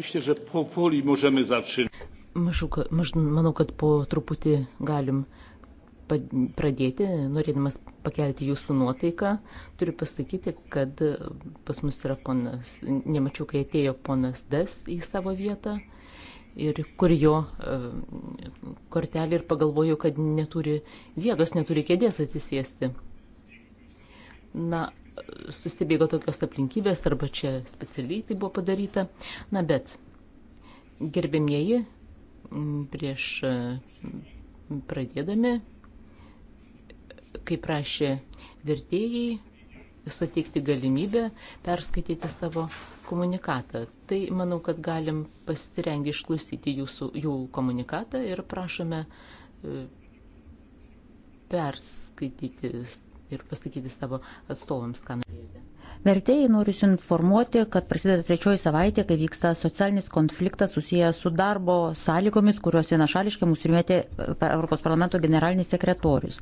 Myślę, że powoli możemy zaczynać. Manau, kad po truputį galim pradėti, norėdamas pakelti jūsų nuotaiką, turiu pasakyti, kad pas mus yra ponas, nemačiau, kai atėjo ponas Des į savo vietą ir kur jo e, kortelį ir pagalvojau, kad neturi vietos, neturi kėdės atsisėsti. Na, susibėgo tokios aplinkybės, arba čia specialiai tai buvo padaryta. Na bet, gerbėmieji, prieš pradėdami, kaip prašė vertėjai, suteikti galimybę perskaityti savo komunikatą. Tai manau, kad galim pasirengę išklausyti jūsų, jų komunikatą ir prašome e, perskaityti ir pasakyti savo atstovams, ką norėjote. Vertėjai noriu jūs informuoti, kad prasideda trečioji savaitė, kai vyksta socialinis konfliktas susijęs su darbo sąlygomis, kurios vienašališkai mūsų rimėtė e, Europos parlamento generalinis sekretorius.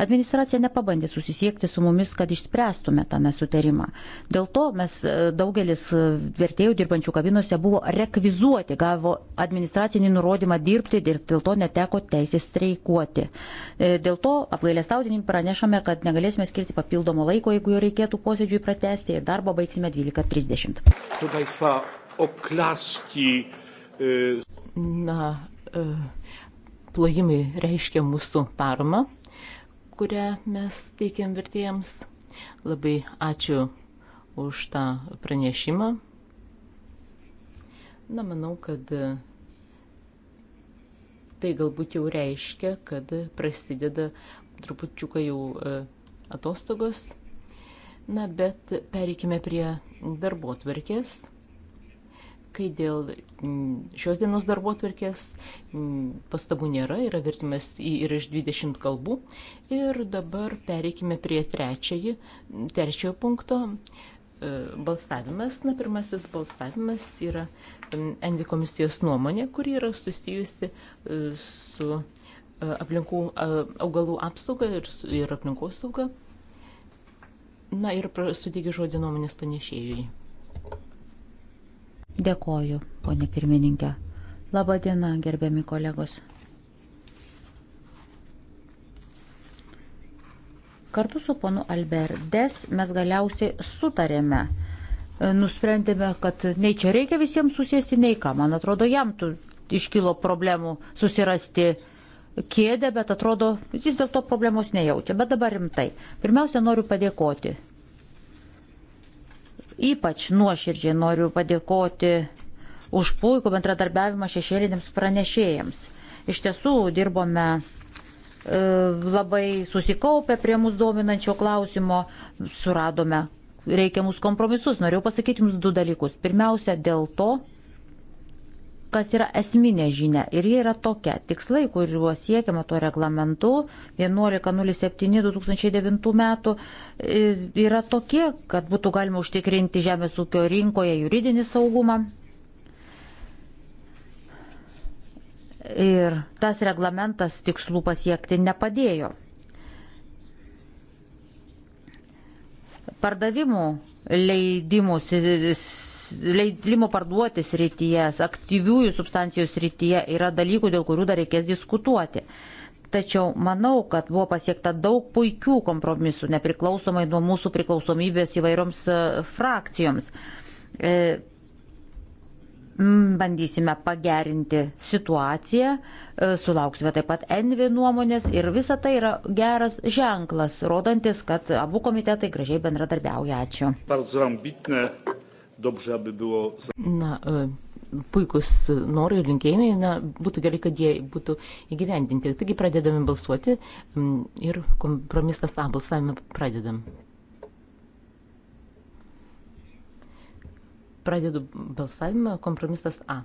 Administracija nepabandė susisiekti su mumis, kad išspręstume tą nesutarimą. Dėl to mes e, daugelis e, vertėjų dirbančių kabinose buvo rekvizuoti, gavo administracinį nurodymą dirbti ir dėl to neteko teisės streikuoti. Dėl to apgailėstaudinim pranešame, kad negalėsime skirti papildomo laiko, jeigu jo reikėtų posėdžiui pratesti tęsti ir darbą baigsime 12.30. Na, plojimai reiškia mūsų paramą, kurią mes teikiam vertėjams. Labai ačiū už tą pranešimą. Na, manau, kad e, tai galbūt jau reiškia, kad prasideda trupučiuką jau e, atostogos Na, bet pereikime prie darbo tvarkės, kai dėl mm, šios dienos darbo tvarkės mm, pastabų nėra, yra vertimas į ir iš 20 kalbų. Ir dabar pereikime prie trečiai, trečiojo punkto e, balsavimas, na, pirmasis balsavimas yra mm, Envi komisijos nuomonė, kuri yra susijusi e, su e, aplinkų, augalų apsauga ir, ir aplinkos sauga. Na ir suteikiu žodį nuomonės panešėjui. Dėkoju, ponė pirmininkė. Labą dieną, gerbiami kolegos. Kartu su ponu Alberdes mes galiausiai sutarėme, e, nusprendėme, kad nei čia reikia visiems susėsti, nei ką. Man atrodo, jam tu iškilo problemų susirasti uh, kėdę, bet atrodo, jis dėl to problemos nejaučia. Bet dabar rimtai. Pirmiausia, noriu padėkoti. Ypač nuoširdžiai noriu padėkoti už puikų bendradarbiavimą šešėlinėms pranešėjams. Iš tiesų dirbome e, labai susikaupę prie mūsų dominančio klausimo, suradome reikiamus kompromisus. Norėjau pasakyti jums du dalykus. Pirmiausia, dėl to, kas yra esminė žinia. Ir jie yra tokia. Tikslai, kuriuo siekiama tuo reglamentu 1107-2009 metų, e, yra tokie, kad būtų galima užtikrinti žemės ūkio rinkoje juridinį saugumą. Ir tas reglamentas tikslų pasiekti nepadėjo. Pardavimų leidimų leidimo parduoti srityje, aktyviųjų substancijų srityje yra dalykų, dėl kurių dar reikės diskutuoti. Tačiau manau, kad buvo pasiekta daug puikių kompromisų, nepriklausomai nuo mūsų priklausomybės įvairioms e, frakcijoms. E, bandysime pagerinti situaciją, e, sulauksime taip pat Envi nuomonės ir visa tai yra geras ženklas, rodantis, kad abu komitetai gražiai bendradarbiauja. Ačiū. Dobrze, aby było. Na, e, puikus norai ir linkėjimai, na, būtų gerai, kad jie būtų įgyvendinti. Taigi pradedame balsuoti ir kompromisas A balsavimą pradedam. Pradedu balsavimą, kompromisas A.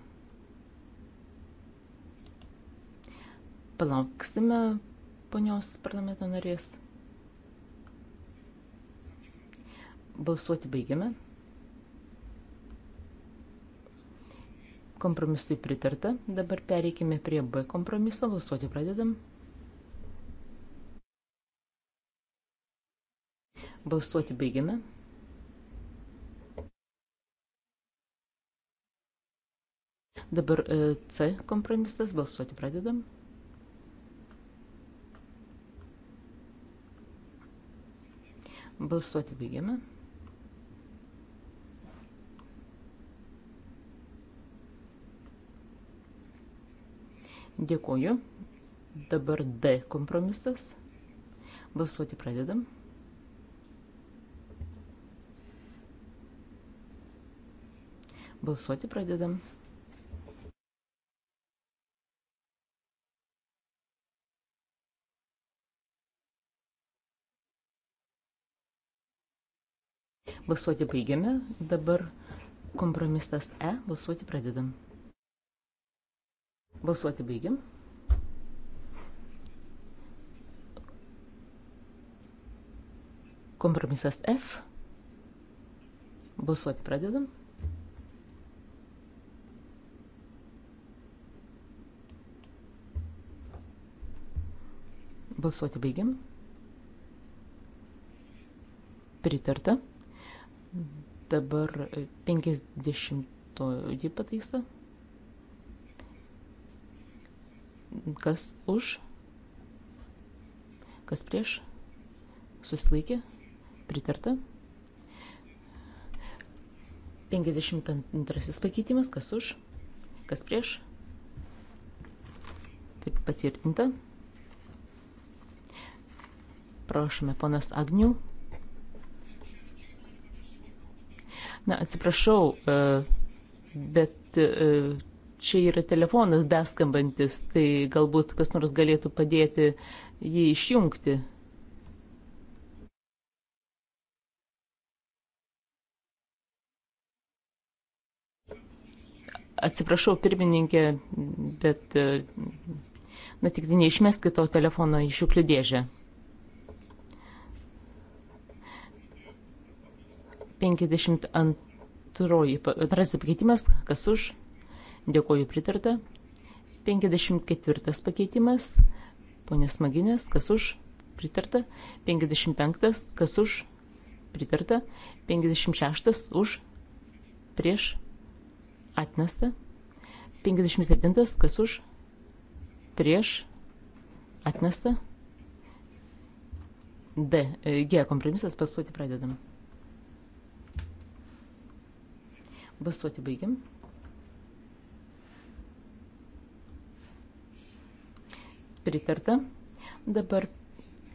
Palauksime ponios parlamento narės. Balsuoti baigiame. Kompromisui pritarta. Dabar pereikime prie B kompromiso. Balsuoti pradedam. Balsuoti baigiame. Dabar e, C kompromisas. Balsuoti pradedam. Balsuoti baigiame. Dėkuoju. Dabar D kompromisas. Balsuoti pradedam. Balsuoti pradedam. Balsuoti baigiame, dabar kompromisas E, balsuoti pradedam. Balsuoti baigiam. Kompromisas F. Balsuoti pradedam. Balsuoti baigiam. Pritarta. Dabar 50 e, ji pataisa. Kas už? Kas prieš? Susilaikė? Pritarta? 52 pakeitimas. Kas už? Kas prieš? Patvirtinta. Prašome, ponas Agnių. Na, atsiprašau, e, bet e, čia yra telefonas beskambantis, tai galbūt kas nors galėtų padėti jį išjungti. Atsiprašau, pirmininkė, bet, na tik neišmeskite to telefono į šiuklių dėžę. 52 antroji, antrasis pakeitimas, kas už? Dėkoju pritarta. 54 pakeitimas. Ponės Maginės, kas už? Pritarta. 55, kas už? Pritarta. 56 už? Prieš? Atmesta. 57, kas už? Prieš? Atmesta. D. E, G. Kompromisas balsuoti pradedam. Balsuoti baigiam. pritarta. Dabar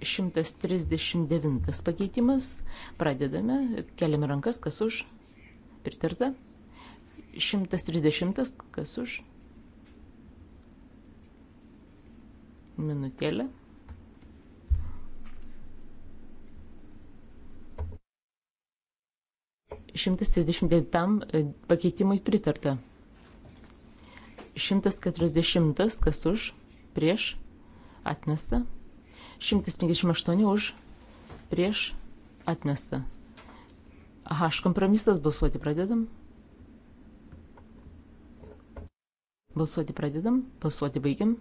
139 pakeitimas. Pradedame, keliame rankas, kas už. Pritarta. 130, kas už. Minutėlė. Šimtas trisdešimt devintam e, pakeitimui pritarta. Šimtas keturiasdešimtas, kas už, prieš, atmesta. 158 už, prieš, atmesta. H kompromisas, balsuoti pradedam. Balsuoti pradedam, balsuoti baigiam.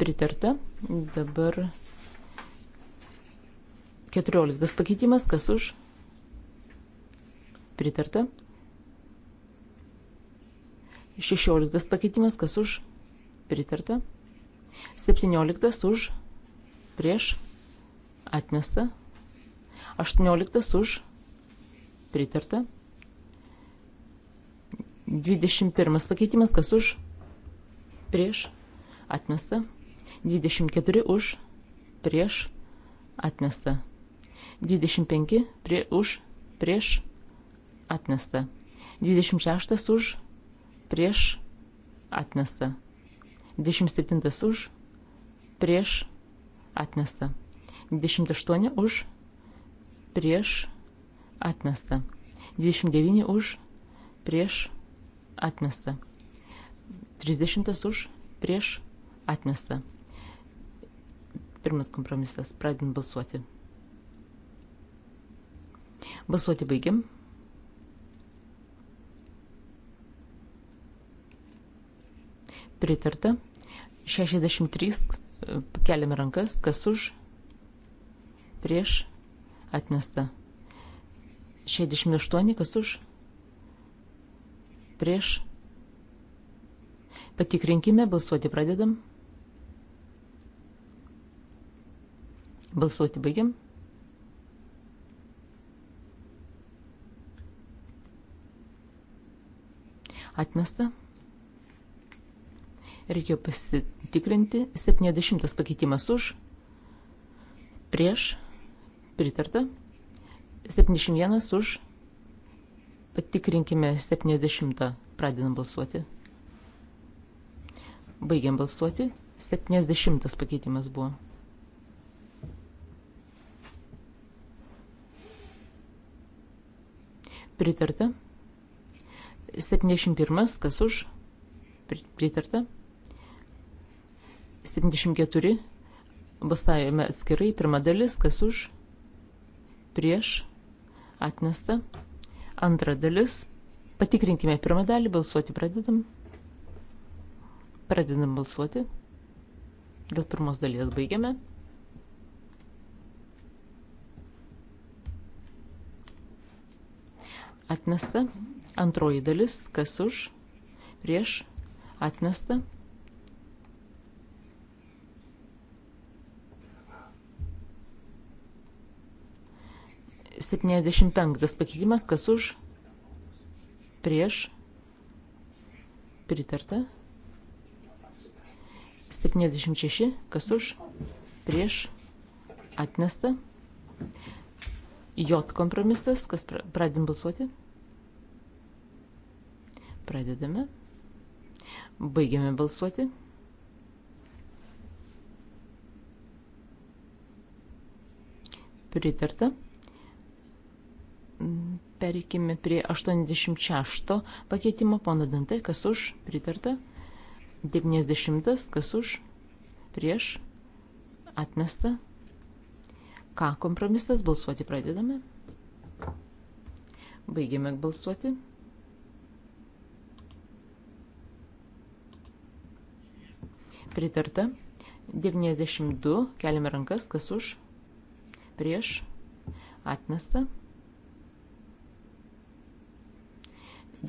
Pritarta. Dabar 14 pakeitimas, kas už? Pritarta. 16 pakeitimas, kas už, pritarta. 17 už, prieš, atmesta. 18 už, pritarta. 21 pakeitimas, kas už, prieš, atmesta. 24 už, prieš, atmesta. 25 prie, už, prieš, atmesta. 26 už, prieš, atmesta. 26 už, prieš atmestą. 27 už prieš atmestą. 28 už prieš atmestą. 29 už prieš atmestą. 30 už prieš atmestą. Pirmas kompromisas. Pradedam balsuoti. Balsuoti baigiam. pritarta. 63 e, keliame rankas, kas už, prieš, atmesta. 68 kas už, prieš. Patikrinkime, balsuoti pradedam. Balsuoti baigiam. Atmesta. Reikėjo pasitikrinti. 70 pakeitimas už. Prieš. Pritarta. 71 už. Patikrinkime 70. Pradedam balsuoti. Baigiam balsuoti. 70 pakeitimas buvo. Pritarta. 71. Kas už? Pritarta. 74 balsavime atskirai, pirma dalis, kas už, prieš, atmesta, antra dalis, patikrinkime pirmą dalį, balsuoti pradedam, pradedam balsuoti, dėl pirmos dalies baigiame. Atmesta, antroji dalis, kas už, prieš, atmesta, atmesta 75 pakeitimas, kas už, prieš, pritarta. 76, kas už, prieš, atmesta. J kompromisas, kas pradėm balsuoti. Pradedame. Baigiame balsuoti. Pritarta. Perikime prie 86 pakeitimo pono Dantai, kas už, pritarta. 90, kas už, prieš, atmesta. Ką kompromisas, balsuoti pradedame. Baigiame balsuoti. Pritarta. 92, keliame rankas, kas už, prieš, atmesta.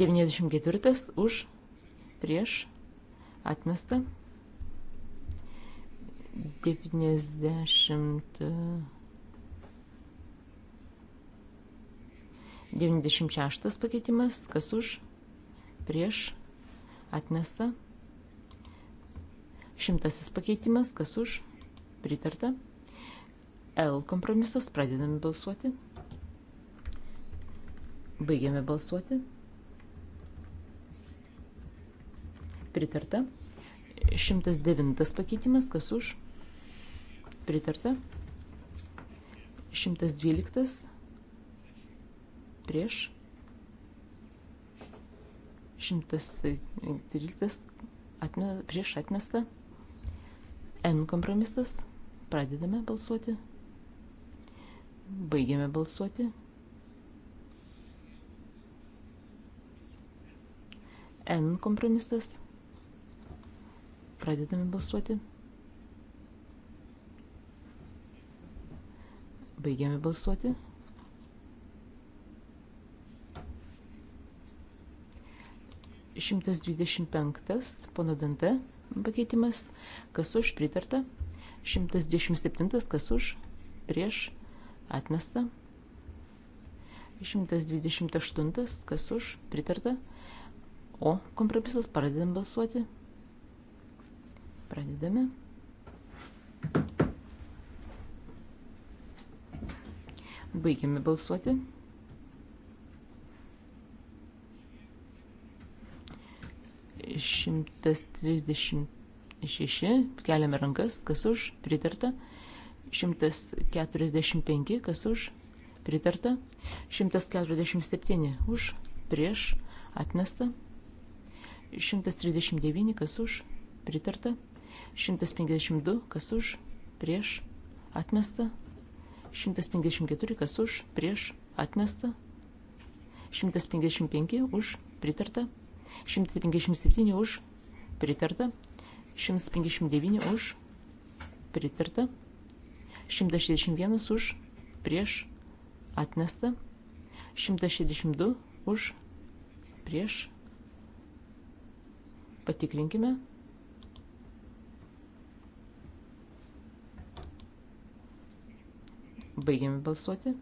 94 už, prieš, atmesta. 90. 96 pakeitimas, kas už, prieš, atmesta. Šimtasis pakeitimas, kas už, pritarta. L kompromisas, pradedame balsuoti. Baigiame balsuoti. pritarta. 109 pakeitimas, kas už, pritarta. 112 prieš. 113 atme, prieš atmestą. N kompromisas. Pradedame balsuoti. Baigiame balsuoti. N kompromisas Pradedame balsuoti. Baigiame balsuoti. Šimtas dvidešimt penktas, pono Dante pakeitimas, kas už pritarta. Šimtas dvidešimt septintas, kas už prieš atmesta. 128, kas už, pritarta. O kompromisas pradedam balsuoti. Pradedame. Baigiame balsuoti. Šimtas trisdešimt šeši, keliame rankas, kas už, pritarta. Šimtas keturiasdešimt penki, kas už, pritarta. Šimtas keturiasdešimt septyni, už, prieš, atmesta. 139 kas už, pritarta. 152, kas už, prieš, atmesta. 154, kas už, prieš, atmesta. 155 už, pritarta. 157 už, pritarta. 159 už, pritarta. 161 už, prieš, atmesta. 162 už, prieš. Patikrinkime. Baigiame balsuoti.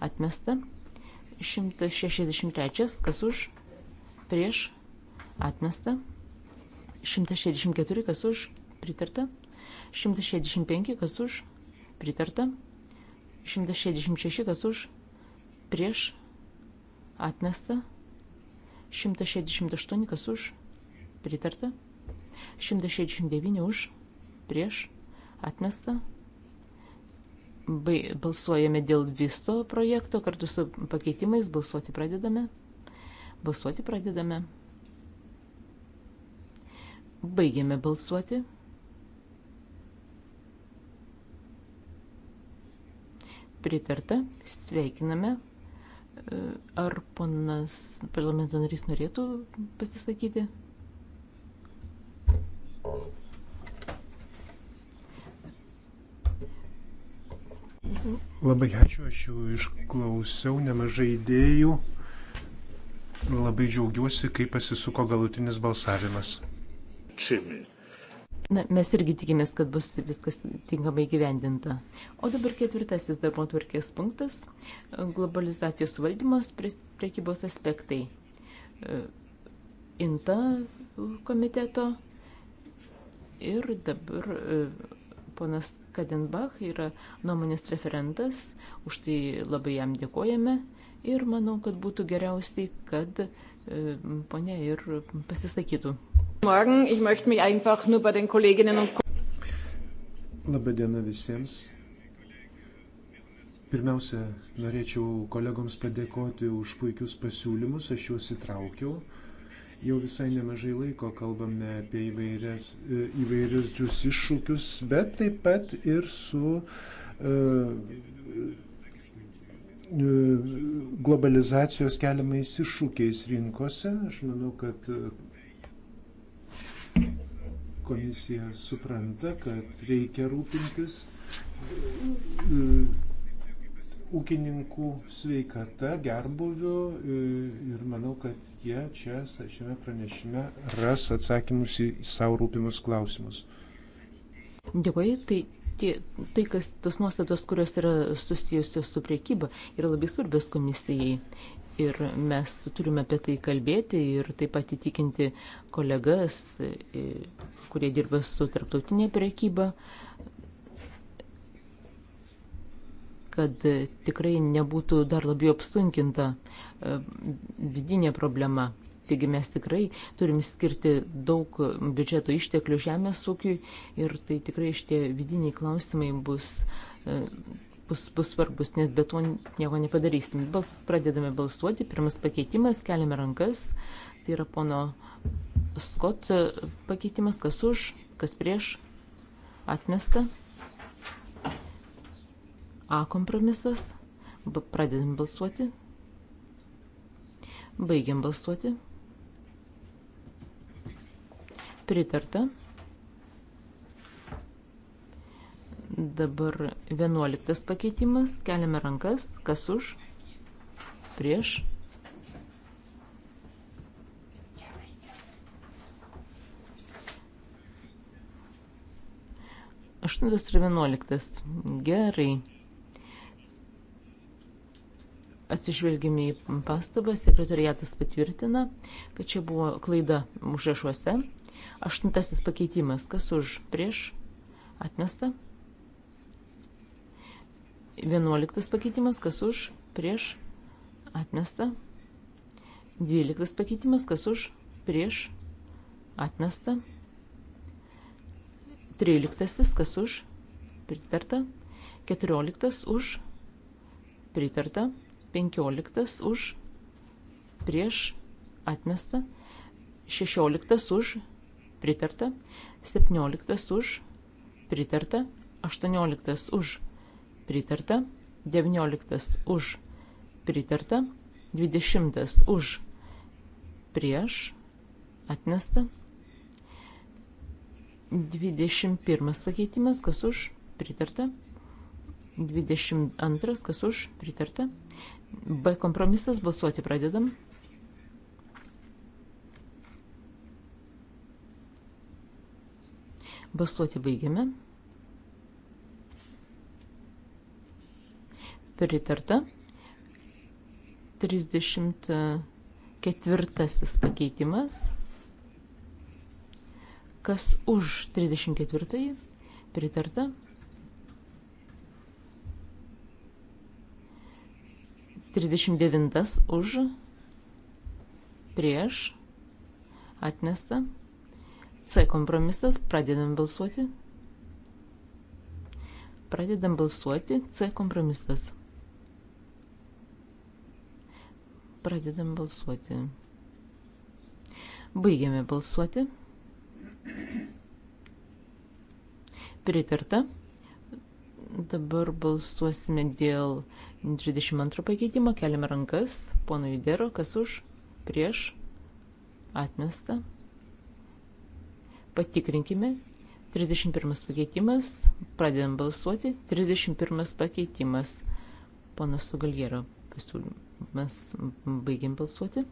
Atmesta. 163. Kas už? Prieš. Atmesta. 164. Kas už? Pritarta. 165. Kas už? Pritarta. 166. Kas už? Prieš. Atmesta. 168. Kas už? Pritarta. 169 už prieš, atmesta. Balsuojame dėl viso projekto, kartu su pakeitimais balsuoti pradedame. Balsuoti pradedame. Baigiame balsuoti. Pritarta, sveikiname. Ar ponas parlamento narys norėtų pasisakyti? Thank you. Labai ačiū, aš jau išklausiau nemažai idėjų. Labai džiaugiuosi, kaip pasisuko galutinis balsavimas. Čimi. Na, mes irgi tikimės, kad bus viskas tinkamai gyvendinta. O dabar ketvirtasis darbo tvarkės punktas - globalizacijos valdymas priekybos aspektai. Inta komiteto ir dabar Ponas Kadenbach yra nuomonės referentas, už tai labai jam dėkojame ir manau, kad būtų geriausiai, kad e, ponia ir pasisakytų. Labadiena visiems. Pirmiausia, norėčiau kolegoms padėkoti už puikius pasiūlymus, aš juos įtraukiau. Jau visai nemažai laiko kalbame apie įvairias, e, įvairius iššūkius, bet taip pat ir su e, e, globalizacijos keliamais iššūkiais rinkose. Aš manau, kad komisija supranta, kad reikia rūpintis ūkininkų sveikata, gerbuviu e, ir manau, kad jie čia šiame pranešime ras atsakymus į savo rūpimus klausimus. Dėkuoju, tai, tai, tai kas, tos nuostatos, kurios yra susijusios su priekyba, yra labai svarbios komisijai. Ir mes turime apie tai kalbėti ir taip pat įtikinti kolegas, e, kurie dirba su tarptautinė priekyba. kad e, tikrai nebūtų dar labiau apsunkinta e, vidinė problema. Taigi mes tikrai turim skirti daug biudžeto išteklių žemės ūkiui ir tai tikrai šitie vidiniai klausimai bus, e, bus, bus svarbus, nes be to nieko nepadarysim. Bals, pradedame balsuoti, pirmas pakeitimas, keliame rankas, tai yra pono Skot pakeitimas, kas už, kas prieš, atmesta. A kompromisas. Pradedam balsuoti. Baigiam balsuoti. Pritarta. Dabar 11 pakeitimas. Keliame rankas. Kas už? Prieš. Aštuntas ir vienuoliktas. Gerai atsižvelgime į pastabą, sekretariatas patvirtina, kad čia buvo klaida užrašuose. Aštuntasis pakeitimas, kas už prieš atmesta. Vienuoliktas pakeitimas, kas už prieš atmesta. Dvyliktas pakeitimas, kas už prieš atmesta. Tryliktasis, kas už pritarta. Keturioliktas už pritarta. 15 už, prieš, atmesta, 16 už, pritarta, 17 už, pritarta, 18 už, pritarta, 19 už, pritarta, 20 už, prieš, atmesta, 21 pakeitimas, kas už, pritarta, 22 22, kas už, pritarta. B kompromisas, balsuoti pradedam. Balsuoti baigiame. Pritarta. 34 pakeitimas. Kas už 34? Pritarta. 39 už, prieš, atmesta. C kompromisas, pradedam balsuoti. Pradedam balsuoti, C kompromisas. Pradedam balsuoti. Baigiame balsuoti. Pritarta. Dabar balsuosime dėl 22 pakeitimą keliame rankas, pono Judero, kas už, prieš, atmesta. Patikrinkime. 31 pakeitimas, pradedam balsuoti. 31 pakeitimas, pono Sugalgero pasiūlymas, baigiam balsuoti.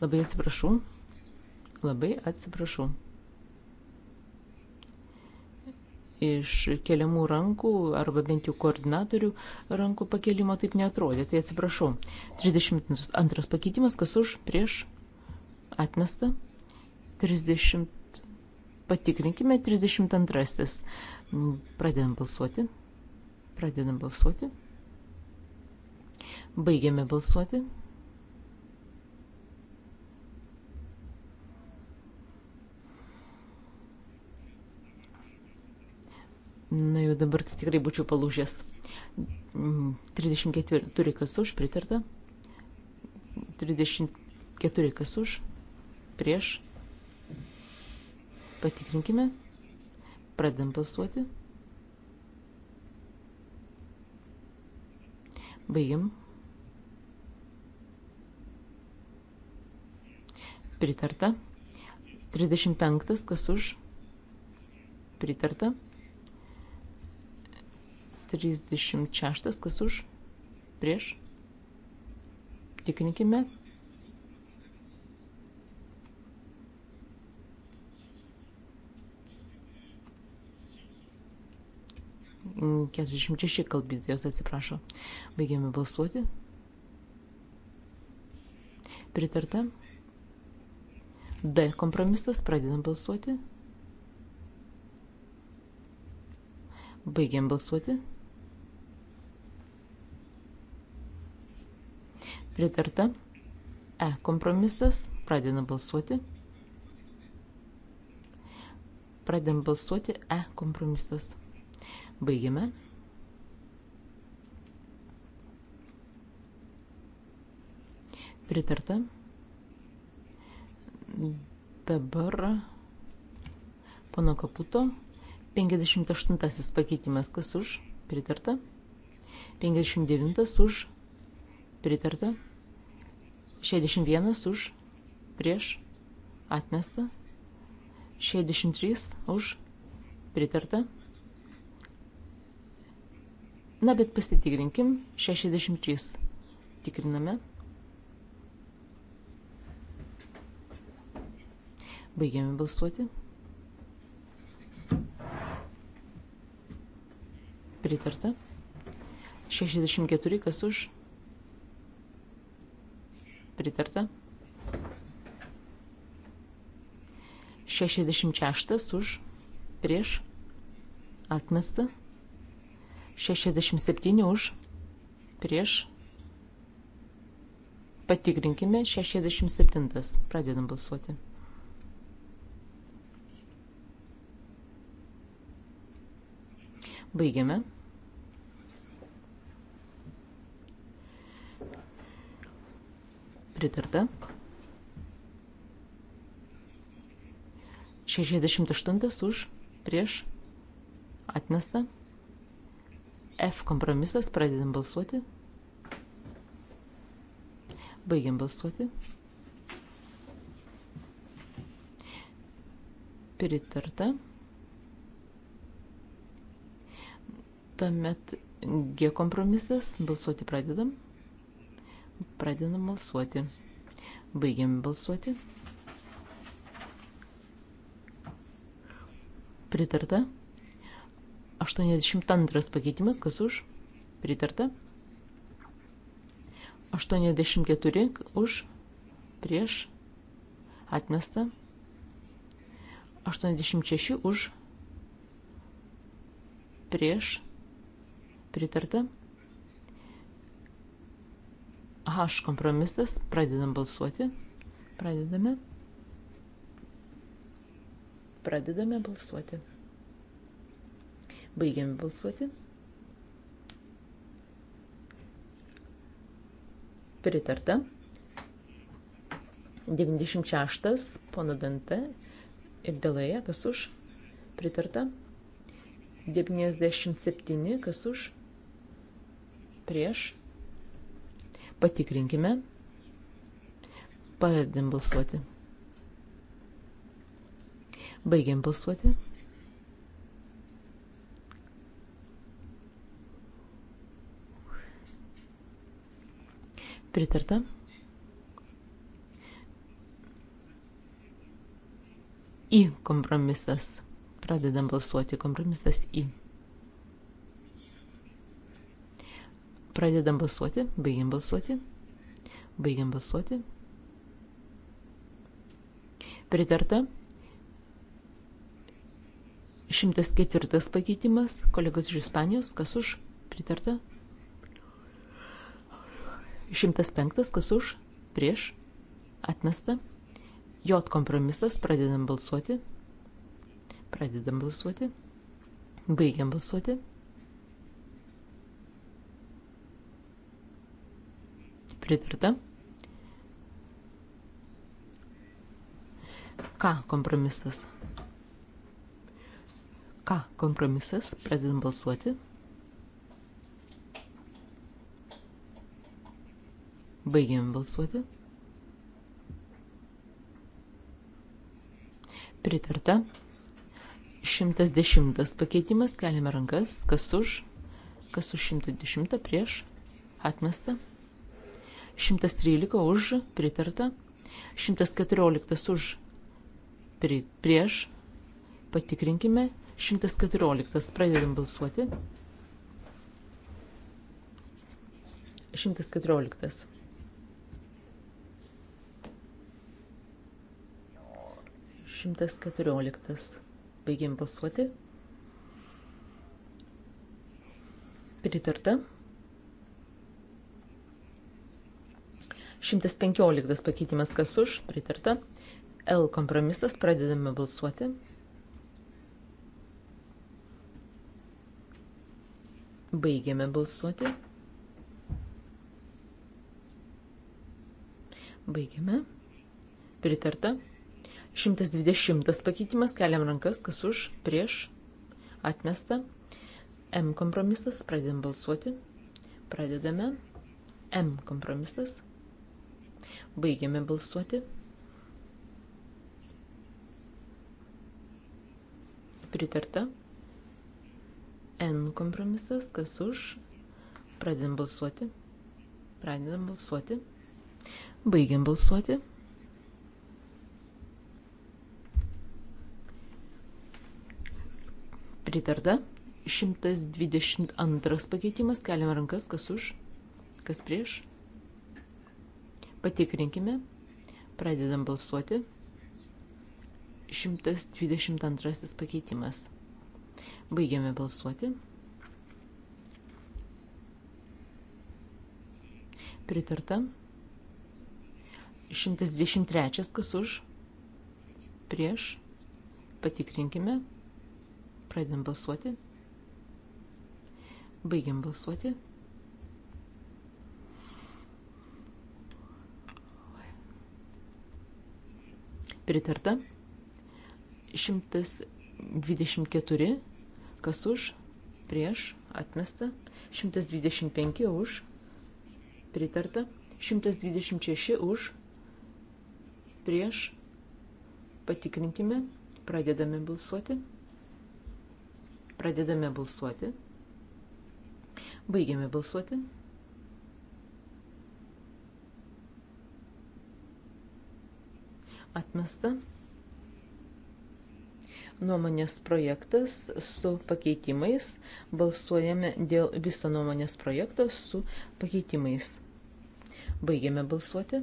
Labai atsiprašau. Labai atsiprašau. iš keliamų rankų arba bent jau koordinatorių rankų pakelimo taip netrodė. Tai atsiprašau. 32 pakeitimas, kas už, prieš, atmesta. 30. Patikrinkime 32. Pradedam balsuoti. Pradedam balsuoti. Baigiame balsuoti. Na jau dabar tai tikrai būčiau palūžęs. 34 mm, kas už, pritarta. 34 kas už, prieš. Patikrinkime. Pradedam balsuoti. Baigiam. Pritarta. 35 kas už, pritarta. 36, kas už, prieš. Tikrinkime. Keturiasdešimt šeši kalbėtės atsiprašo. Baigėme balsuoti. Pritarta. D kompromisas, pradedam balsuoti. Baigiam balsuoti. pritarta. E kompromisas, pradedam balsuoti. Pradedam balsuoti E kompromisas. Baigiame. Pritarta. Dabar pono kaputo 58 pakeitimas kas už pritarta. 59 už pritarta. 61 už, prieš, atmesta. 63 už, pritarta. Na, bet pasitikrinkim. 63. Tikriname. Baigiame balsuoti. Pritarta. 64 kas už, pritarta. 66 už, prieš, atmesta. 67 už, prieš. Patikrinkime 67. Pradedam balsuoti. Baigiame. pritarta. 68 už, prieš, atmesta. F kompromisas, pradedam balsuoti. Baigiam balsuoti. Pritarta. Tuomet G kompromisas, balsuoti pradedam. Pradedam balsuoti. Baigiam balsuoti. Pritarta. 82 pakeitimas, kas už? Pritarta. 84 už, prieš, atmesta. 86 už, prieš, pritarta. H kompromisas. Pradedam balsuoti. Pradedame. Pradedame balsuoti. Baigiame balsuoti. Pritarta. 96. Pono Dante ir Dėlėje. Kas už? Pritarta. 97. Kas už? Prieš. Patikrinkime. Pradedam balsuoti. Baigiam balsuoti. Pritarta. Į kompromisas. Pradedam balsuoti kompromisas į. Pradedam balsuoti, baigiam balsuoti, baigiam balsuoti. Pritarta. 104 pakeitimas, kolegos iš Ispanijos, kas už, pritarta. 105, kas už, prieš, atmesta. J kompromisas, pradedam balsuoti. Pradedam balsuoti. Baigiam balsuoti. Pritarta. Ką kompromisas? Ką kompromisas? Pradedam balsuoti. Baigiam balsuoti. Pritarta. 110 pakeitimas, keliame rankas, kas už, kas už 110 prieš, atmesta. 113 už pritarta, 114 už pri, prieš, patikrinkime, 114 pradedam balsuoti. 114. Šimtas keturioliktas. Baigiam balsuoti. Pritarta. 115 pakeitimas kas už, pritarta. L kompromisas, pradedame balsuoti. Baigiame balsuoti. Baigiame. Pritarta. 120 pakeitimas, keliam rankas, kas už, prieš, atmesta. M kompromisas, pradedam balsuoti. Pradedame. M kompromisas. Baigiame balsuoti. Pritarta. N kompromisas, kas už. Pradedam balsuoti. Pradedam balsuoti. Baigiam balsuoti. Pritarta. 122 pakeitimas. Keliam rankas, kas už, kas prieš. Patikrinkime. Pradedam balsuoti. 122 pakeitimas. Baigiame balsuoti. Pritarta. 123 kas už. Prieš. Patikrinkime. Pradedam balsuoti. Baigiam balsuoti. pritarta. 124, kas už, prieš, atmesta. 125 už, pritarta. 126 už, prieš, patikrinkime, pradedame balsuoti. Pradedame balsuoti. Baigiame balsuoti. Atmesta. Nuomonės projektas su pakeitimais. Balsuojame dėl viso nuomonės projekto su pakeitimais. Baigiame balsuoti.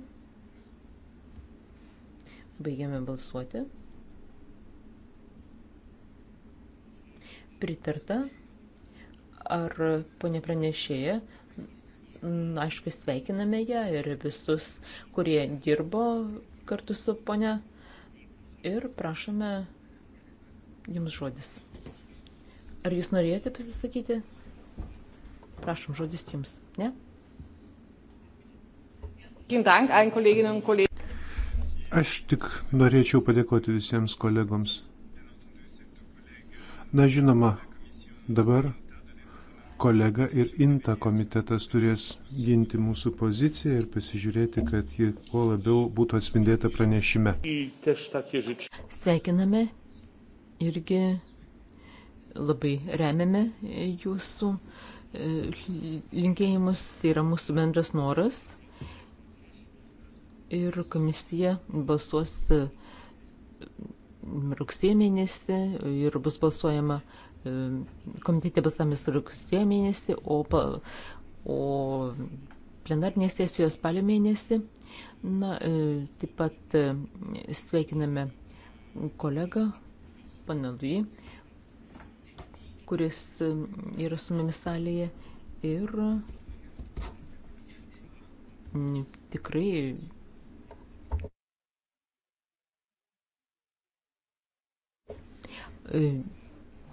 Baigiame balsuoti. Pritarta. Ar ponė pranešėja, aišku, sveikiname ją ir visus, kurie dirbo kartu su ponia ir prašome jums žodis. Ar jūs norėjote pasisakyti? Prašom, žodis jums, ne? Aš tik norėčiau padėkoti visiems kolegoms. Na žinoma, dabar kolega ir INTA komitetas turės ginti mūsų poziciją ir pasižiūrėti, kad ji kuo labiau būtų atspindėta pranešime. Sveikiname irgi labai remiame jūsų e, linkėjimus, tai yra mūsų bendras noras. Ir komisija balsuos e, rugsėjo mėnesį ir bus balsuojama uh, komitete balsavimas rugsėjo mėnesį, o, o plenarnės sesijos spalio mėnesį. Na, e, taip pat e, sveikiname kolegą Panelui, kuris e, yra su mumis salėje ir tikrai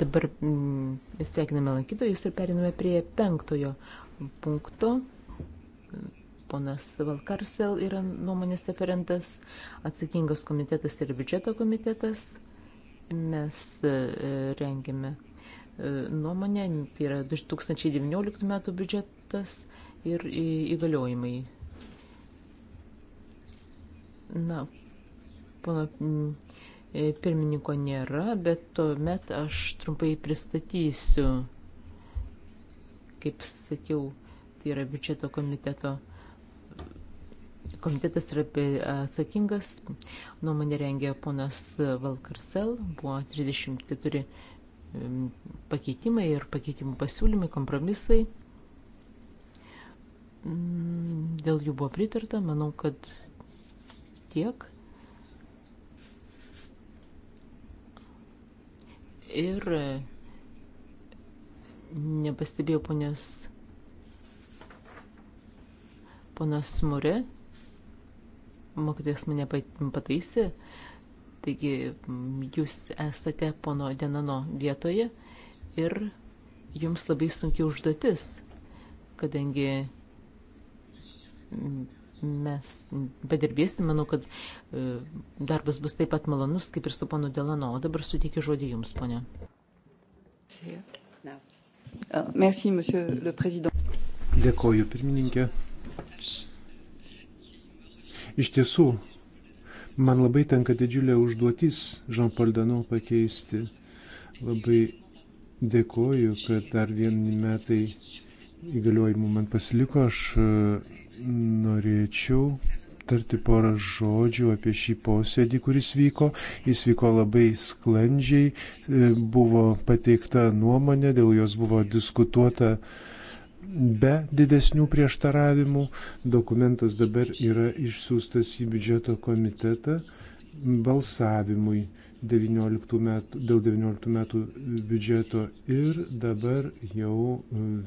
Dabar mm, sveikiname lankytojus ir periname prie penktojo punkto. Ponas Valkarsel yra nuomonės referentas, atsakingas komitetas ir biudžeto komitetas. Mes e, rengiame e, nuomonę, tai yra 2019 metų biudžetas ir įgaliojimai. Na, pono mm, E, pirmininko nėra, bet tuomet aš trumpai pristatysiu, kaip sakiau, tai yra biudžeto komiteto. Komitetas yra atsakingas, nuomonė rengė ponas Valkarsel, buvo 34 pakeitimai ir pakeitimų pasiūlymai, kompromisai. Mm, dėl jų buvo pritarta, manau, kad tiek Ir e, nepastebėjau ponios ponas Mure, mokytojas mane pataisė, taigi jūs esate pono Denano vietoje ir jums labai sunki užduotis, kadangi mes padirbėsim, manau, kad e, darbas bus taip pat malonus, kaip ir su ponu Delano. O dabar suteikiu žodį jums, ponė. Merci, monsieur le président. Dėkoju, pirmininkė. Iš tiesų, man labai tenka didžiulė užduotis Jean-Paul Dano pakeisti. Labai dėkoju, kad dar vieni metai įgaliojimų man pasiliko. Aš e, Norėčiau tarti porą žodžių apie šį posėdį, kuris vyko. Jis vyko labai sklandžiai, e, buvo pateikta nuomonė, dėl jos buvo diskutuota be didesnių prieštaravimų. Dokumentas dabar yra išsiųstas į biudžeto komitetą balsavimui 19 metų, dėl 19 metų biudžeto ir dabar jau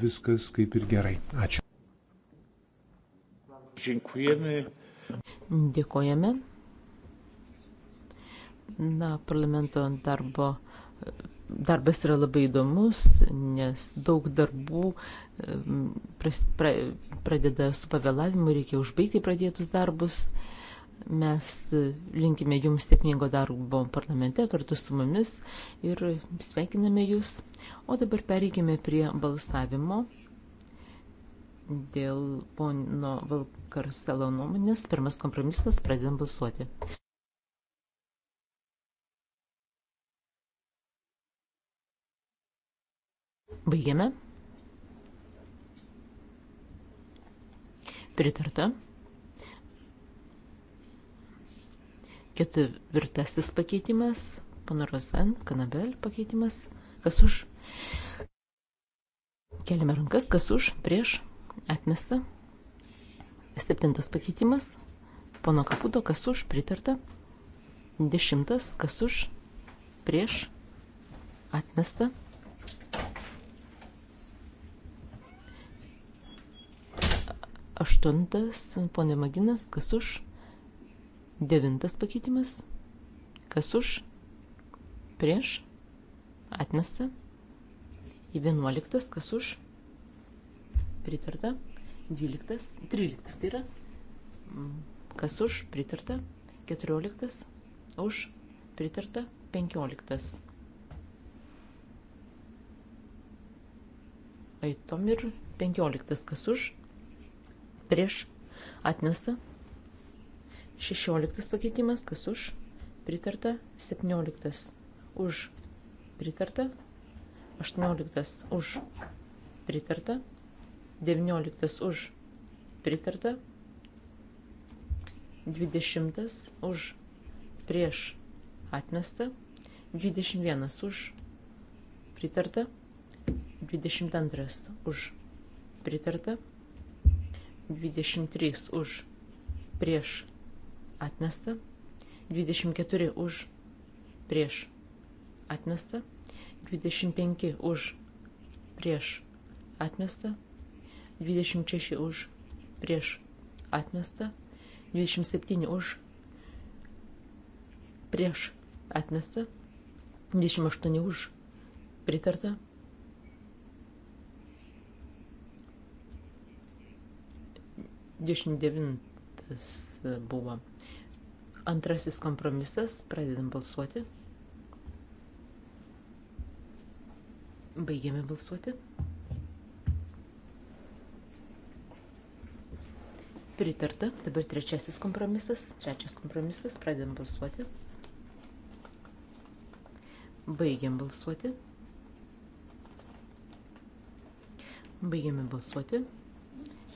viskas kaip ir gerai. Ačiū. Dėkujame. Dėkojame. Na, parlamento darbo darbas yra labai įdomus, nes daug darbų pras, pra, pradeda su pavėlavimu, reikia užbaigti pradėtus darbus. Mes linkime Jums sėkmingo darbo parlamente kartu su mumis ir sveikiname Jūs. O dabar pereikime prie balsavimo dėl pono Valkarselo nuomonės. Pirmas kompromisas, pradedam balsuoti. Baigiame. Pritarta. Ketvirtasis pakeitimas. Panorasen, Kanabel pakeitimas. Kas už? Keliame rankas, kas už, prieš, atmesta. Septintas pakeitimas, pono kaputo, kas už, pritarta. Dešimtas, kas už, prieš, atmesta. Aštuntas, ponė Maginas, kas už, devintas pakeitimas, kas už, prieš, atmesta. Į vienuoliktas, kas už, pritarta. 12, 13 tai yra. Mm, kas už, pritarta. 14, už, pritarta. 15. Aitomir, 15 kas už, prieš, atmesta. 16 pakeitimas, kas už, pritarta. 17 už, pritarta. 18 už, pritarta. 19 už pritarta, 20 už prieš atmestą, 21 už pritarta, 22 už pritarta, 23 už prieš atmestą, 24 už prieš atmestą, 25 už prieš atmestą, 26 už, prieš atmestą, 27 už, prieš atmestą, 28 už, pritarta. Dešimt devintas buvo antrasis kompromisas, pradedam balsuoti. Baigiame balsuoti. Pritarta. Dabar trečiasis kompromisas. Trečias kompromisas. Pradedam balsuoti. Baigiam balsuoti. Baigiame balsuoti.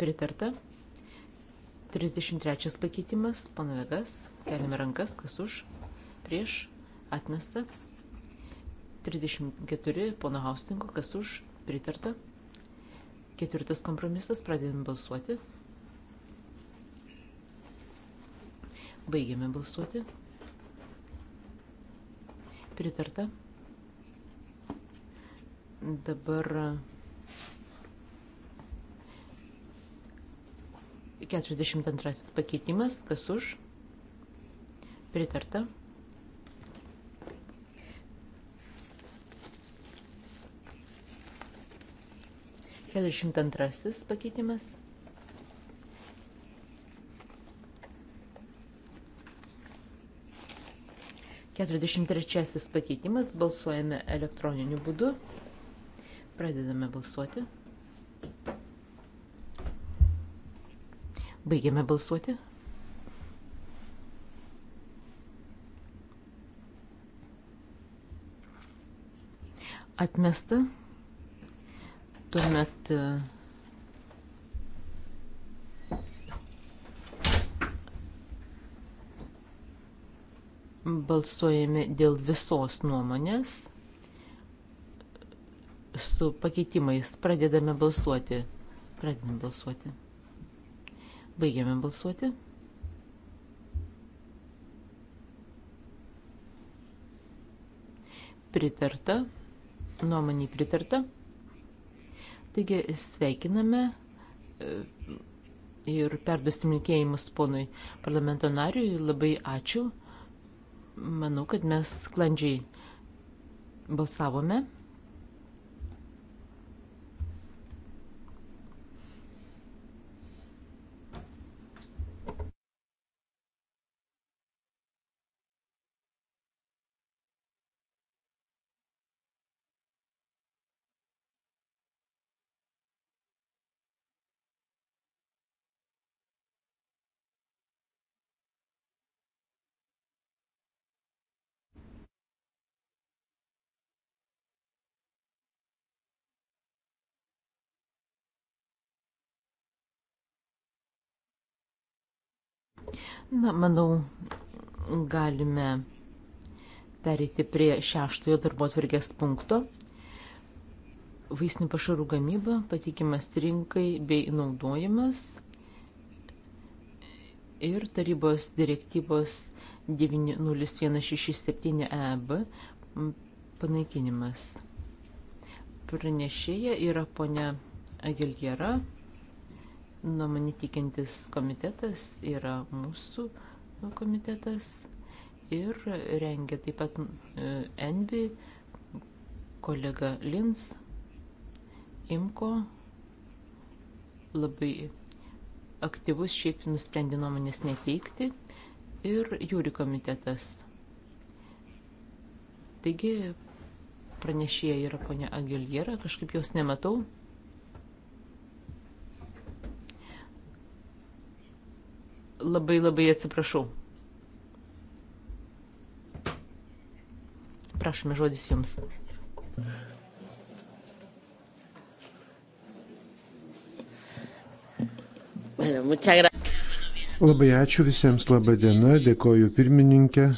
Pritarta. 33 pakeitimas. Pana Vegas. Keliame rankas. Kas už? Prieš. Atmesta. 34. Pono Haustingo. Kas už? Pritarta. Ketvirtas kompromisas. Pradedam balsuoti. Pritarta. Baigiame balsuoti. Pritarta. Dabar 42 pakeitimas, kas už. Pritarta. Keturiasdešimt antrasis pakeitimas. 43 pakeitimas. Balsuojame elektroniniu būdu. Pradedame balsuoti. Baigiame balsuoti. Atmesta. Tuomet Balsuojame dėl visos nuomonės su pakeitimais. Pradedame balsuoti. Pradedame balsuoti. Baigiame balsuoti. Pritarta. Nuomonį pritarta. Taigi sveikiname e, ir perduosim linkėjimus ponui parlamento nariui. Labai ačiū. Manau, kad mes sklandžiai balsavome. Na, manau, galime pereiti prie šeštojo darbo atvirkės punkto. Vaisinių pašarų gamyba, patikimas rinkai bei naudojimas ir tarybos direktyvos 90167 EB panaikinimas. Pranešėja yra ponia Agiliera. Nuomonį tikintis komitetas yra mūsų nu, komitetas ir rengia taip pat e, Envi, kolega Lins, Imko, labai aktyvus šiaip nusprendė nuomonės neteikti ir jūri komitetas. Taigi pranešėja yra ponia Agiliera, kažkaip jos nematau. Labai labai atsiprašau. Prašome žodis jums. Labai ačiū visiems, laba diena, dėkoju pirmininkė.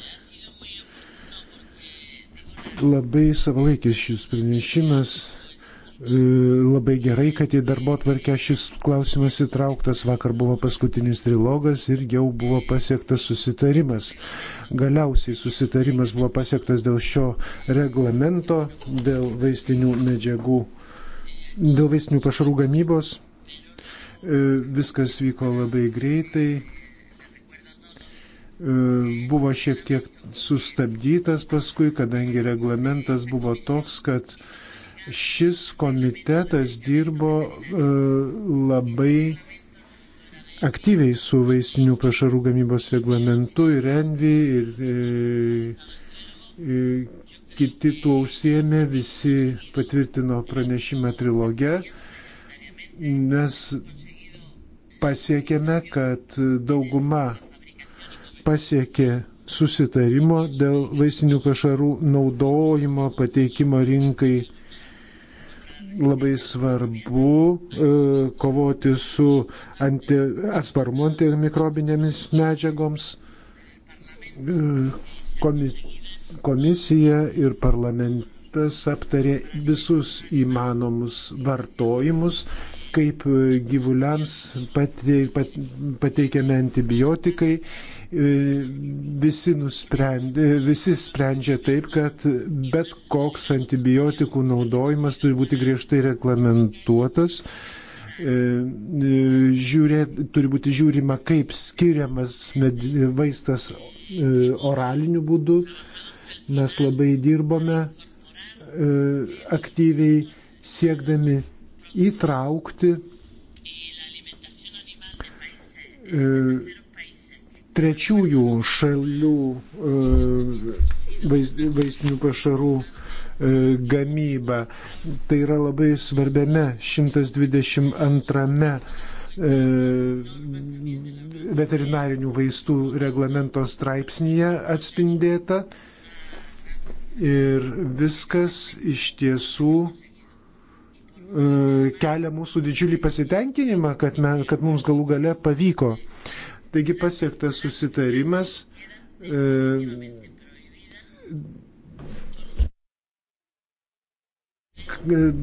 Labai savalaikis šis pranešimas. E, labai gerai, kad į darbo tvarkę šis klausimas įtrauktas. Vakar buvo paskutinis trilogas ir jau buvo pasiektas susitarimas. Galiausiai susitarimas buvo pasiektas dėl šio reglamento, dėl vaistinių medžiagų, dėl vaistinių pašarų gamybos. E, viskas vyko labai greitai e, buvo šiek tiek sustabdytas paskui, kadangi reglamentas buvo toks, kad šis komitetas dirbo e, labai aktyviai su vaistinių pašarų gamybos reglamentu ir Envi ir, ir, e, ir e, kiti tuo užsiemė, visi patvirtino pranešimą trilogę. Mes pasiekėme, kad dauguma pasiekė susitarimo dėl vaistinių pašarų naudojimo, pateikimo rinkai labai svarbu e, kovoti su anti, atsparumu antimikrobinėmis medžiagoms. E, komi, komisija ir parlamentas aptarė visus įmanomus vartojimus kaip e, gyvuliams pateikiami antibiotikai. E, visi, nusprendė, visi sprendžia taip, kad bet koks antibiotikų naudojimas turi būti griežtai reglamentuotas. E, žiūrė, turi būti žiūrima, kaip skiriamas vaistas oraliniu būdu. Mes labai dirbome aktyviai siekdami įtraukti e, trečiųjų šalių e, vaistinių pašarų e, gamybą. Tai yra labai svarbiame 122 veterinarinių vaistų reglamento straipsnėje atspindėta. Ir viskas iš tiesų E, kelia mūsų didžiulį pasitenkinimą, kad, me, kad mums galų gale pavyko. Taigi pasiektas susitarimas. E,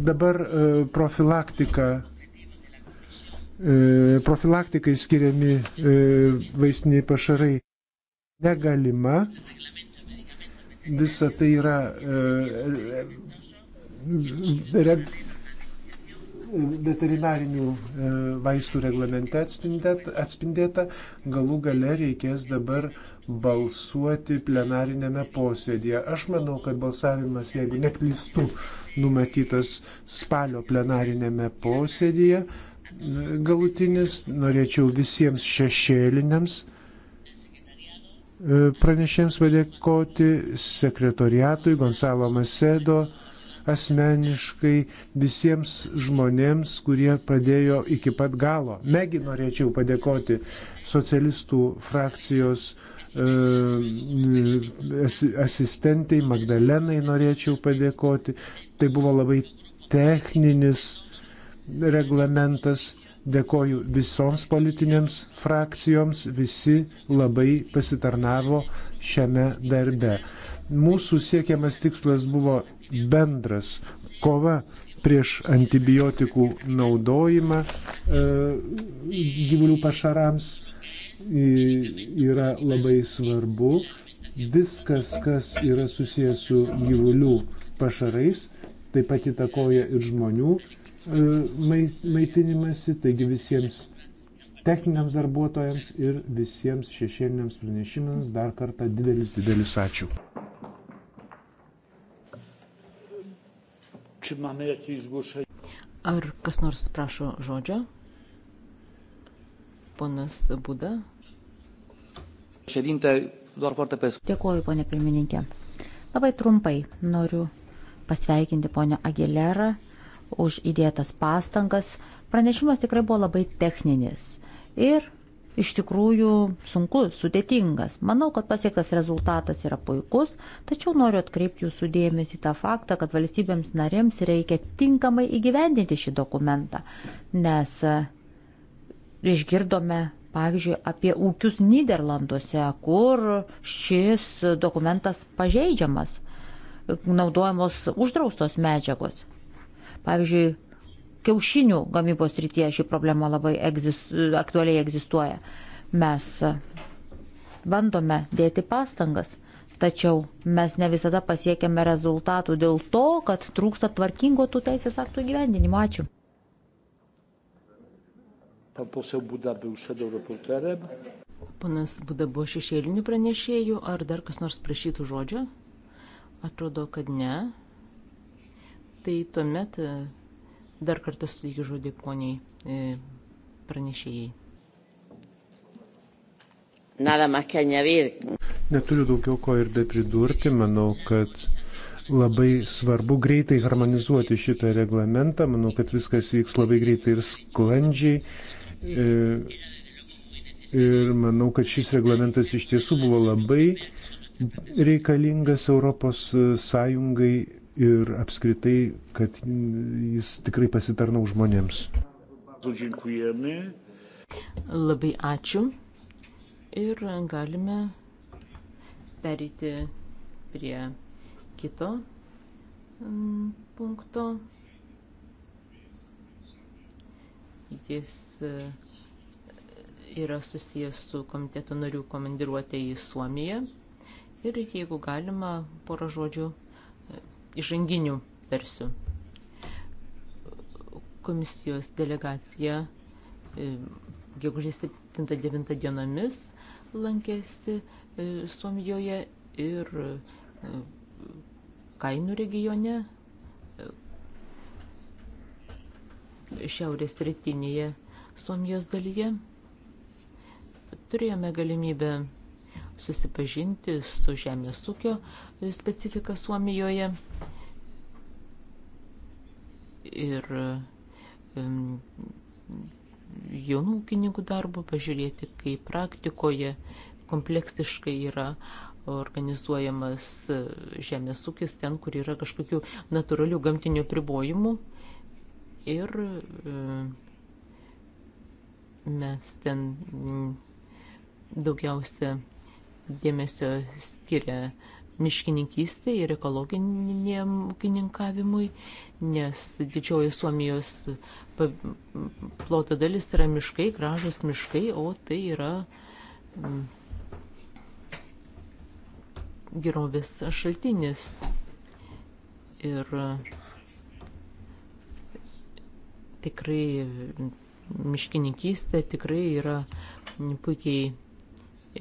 dabar e, profilaktika. E, profilaktikai skiriami e, vaistiniai pašarai negalima. Visa tai yra e, re, veterinarinių e, vaistų reglamente atspindėta. Galų gale reikės dabar balsuoti plenarinėme posėdėje. Aš manau, kad balsavimas, jeigu neklystu, numatytas spalio plenarinėme posėdėje galutinis. Norėčiau visiems šešėliniams e, pranešėjams padėkoti sekretoriatui Gonzalo Macedo asmeniškai visiems žmonėms, kurie pradėjo iki pat galo. Megi norėčiau padėkoti socialistų frakcijos e, asistentei Magdalenai norėčiau padėkoti. Tai buvo labai techninis reglamentas. Dėkoju visoms politinėms frakcijoms, visi labai pasitarnavo šiame darbe. Mūsų siekiamas tikslas buvo bendras kova prieš antibiotikų naudojimą e, gyvulių pašarams yra labai svarbu. Viskas, kas yra susijęs su gyvulių pašarais, taip pat įtakoja ir žmonių e, maitinimasi, taigi visiems techniniams darbuotojams ir visiems šešėliniams pranešimams dar kartą didelis, didelis ačiū. Czy mamy jakieś zgłoszenie? Ar kas nors prašo žodžio? Ponas Buda. Šedinte, dar kartą pės. Dėkuoju, ponė pirmininkė. Labai trumpai noriu pasveikinti ponę Agilerą už įdėtas pastangas. Pranešimas tikrai buvo labai techninis ir iš tikrųjų sunkus, sudėtingas. Manau, kad pasiektas rezultatas yra puikus, tačiau noriu atkreipti jūsų dėmesį tą faktą, kad valstybėms narėms reikia tinkamai įgyvendinti šį dokumentą, nes e, išgirdome pavyzdžiui, apie ūkius Niderlanduose, kur šis dokumentas pažeidžiamas, naudojamos uždraustos medžiagos. Pavyzdžiui, kiaušinių gamybos rytyje ši problema labai egzist, aktualiai egzistuoja. Mes bandome dėti pastangas, tačiau mes ne visada pasiekėme rezultatų dėl to, kad trūksta tvarkingo tų teisės aktų gyvendinimo. Ačiū. Panas Buda buvo šešėlinių pranešėjų, ar dar kas nors prašytų žodžio? Atrodo, kad ne. Tai tuomet Dar kartą suteikiu žodį poniai e, pranešėjai. Nada más que añadir. Neturiu daugiau ko ir pridurti. Manau, kad labai svarbu greitai harmonizuoti šitą reglamentą. Manau, kad viskas vyks labai greitai ir sklandžiai. E, ir manau, kad šis reglamentas iš tiesų buvo labai reikalingas Europos Sąjungai ir apskritai, kad jis tikrai pasitarnau žmonėms. Labai ačiū ir galime perėti prie kito mm, punkto. Jis e, yra susijęs su komiteto narių komandiruotė į Suomiją. Ir jeigu galima, porą žodžių įžanginių tarsių. Komisijos delegacija e, gegužės 7-9 dienomis lankėsi e, Suomijoje ir e, kainų regione, šiaurės rytinėje Suomijos dalyje. Turėjome galimybę susipažinti su žemės ūkio specifiką Suomijoje. Ir jaunų ūkininkų darbo, pažiūrėti, kaip praktikoje kompleksiškai yra organizuojamas e, žemės ūkis ten, kur yra kažkokių natūralių gamtinių pribojimų. Ir e, mes ten daugiausia dėmesio skiria miškininkystė ir ekologiniam ūkininkavimui, nes didžioji Suomijos ploto dalis yra miškai, gražus miškai, o tai yra mm, gerovės šaltinis. Ir tikrai miškininkystė tikrai yra puikiai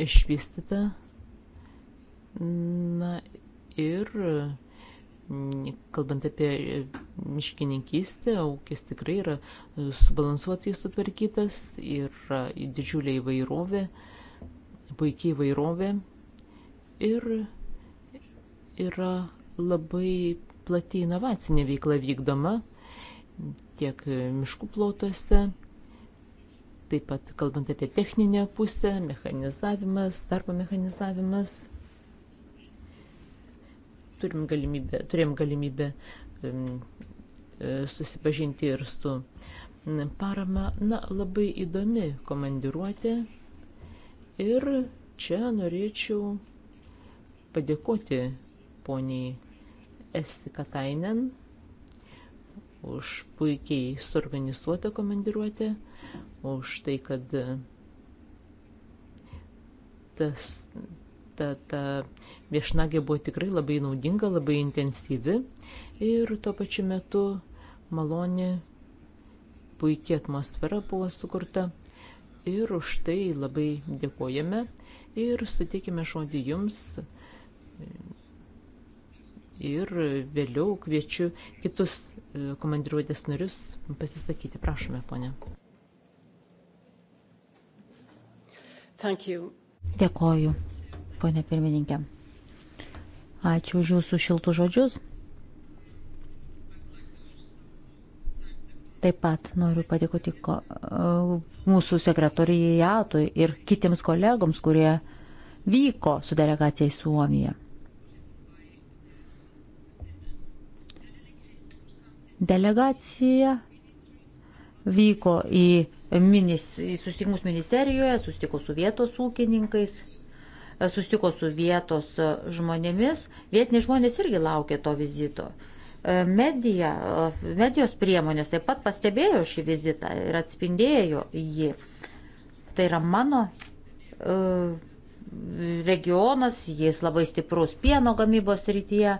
išvystyta Na ir mm, kalbant apie miškininkystę, ūkis tikrai yra e, subalansuotai sutvarkytas, yra didžiulė įvairovė, puikiai įvairovė ir yra labai plati inovacinė veikla vykdoma tiek miškų plotuose, taip pat kalbant apie techninę pusę, mechanizavimas, darbo mechanizavimas turim galimybę, turėjom galimybę e, susipažinti ir su parama. Na, labai įdomi komandiruotė ir čia norėčiau padėkoti poniai Esti Katainen už puikiai suorganizuotą komandiruotę, už tai, kad tas ta, ta e, viešnagė buvo tikrai labai naudinga, labai intensyvi ir tuo pačiu metu maloni, puikia atmosfera buvo sukurta ir už tai labai dėkojame ir suteikime žodį jums. Ir vėliau kviečiu kitus e, komandiruotės narius pasisakyti. Prašome, ponė. Dėkoju ponė pirmininkė. Ačiū už jūsų šiltų žodžius. Taip pat noriu padėkoti e, mūsų sekretorijatui ir kitiems kolegoms, kurie vyko su delegacija į Suomiją. Delegacija vyko į, minis, į susitikimus ministerijoje, susitiko su vietos ūkininkais E, susitiko su vietos e, žmonėmis. Vietiniai žmonės irgi laukė to vizito. E, Medija, medijos priemonės taip pat pastebėjo šį vizitą ir atspindėjo jį. Tai yra mano regionas, jis labai stiprus pieno gamybos rytyje,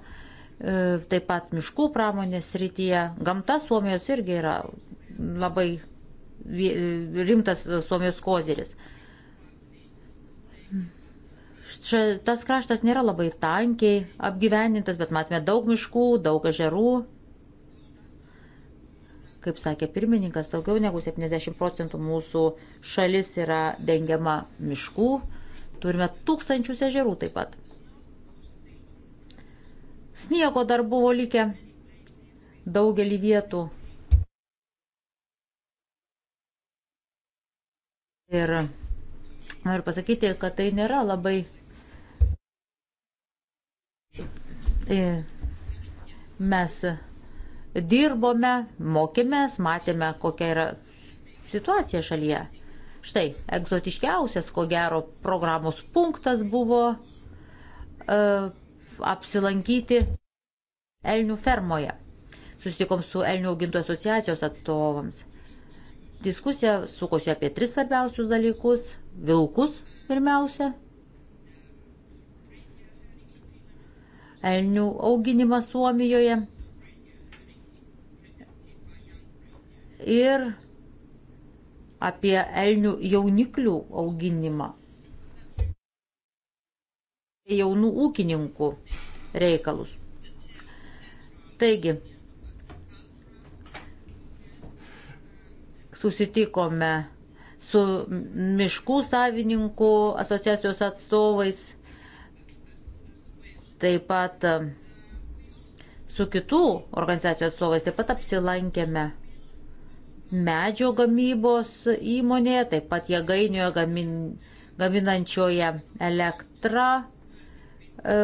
taip pat miškų pramonės rytyje. Gamta Suomijos irgi yra labai rimtas Suomijos koziris. Čia tas kraštas nėra labai tankiai apgyvenintas, bet matome daug miškų, daug ežerų. Kaip sakė pirmininkas, daugiau negu 70 procentų mūsų šalis yra dengiama miškų. Turime tūkstančius ežerų taip pat. Sniego dar buvo likę daugelį vietų. Ir noriu pasakyti, kad tai nėra labai E, mes dirbome, mokėmės, matėme, kokia yra situacija šalyje. Štai, egzotiškiausias, ko gero, programos punktas buvo e, apsilankyti Elnių fermoje. Susitikom su Elnių augintojų asociacijos atstovams. Diskusija sukosi apie tris svarbiausius dalykus - vilkus pirmiausia, elnių auginimą Suomijoje. Ir apie elnių jauniklių auginimą. Jaunų ūkininkų reikalus. Taigi, susitikome su miškų savininkų asociacijos atstovais Taip pat e, su kitų organizacijų atstovais taip pat apsilankėme medžio gamybos įmonėje, taip pat jėgainioje gamin, gaminančioje elektrą e,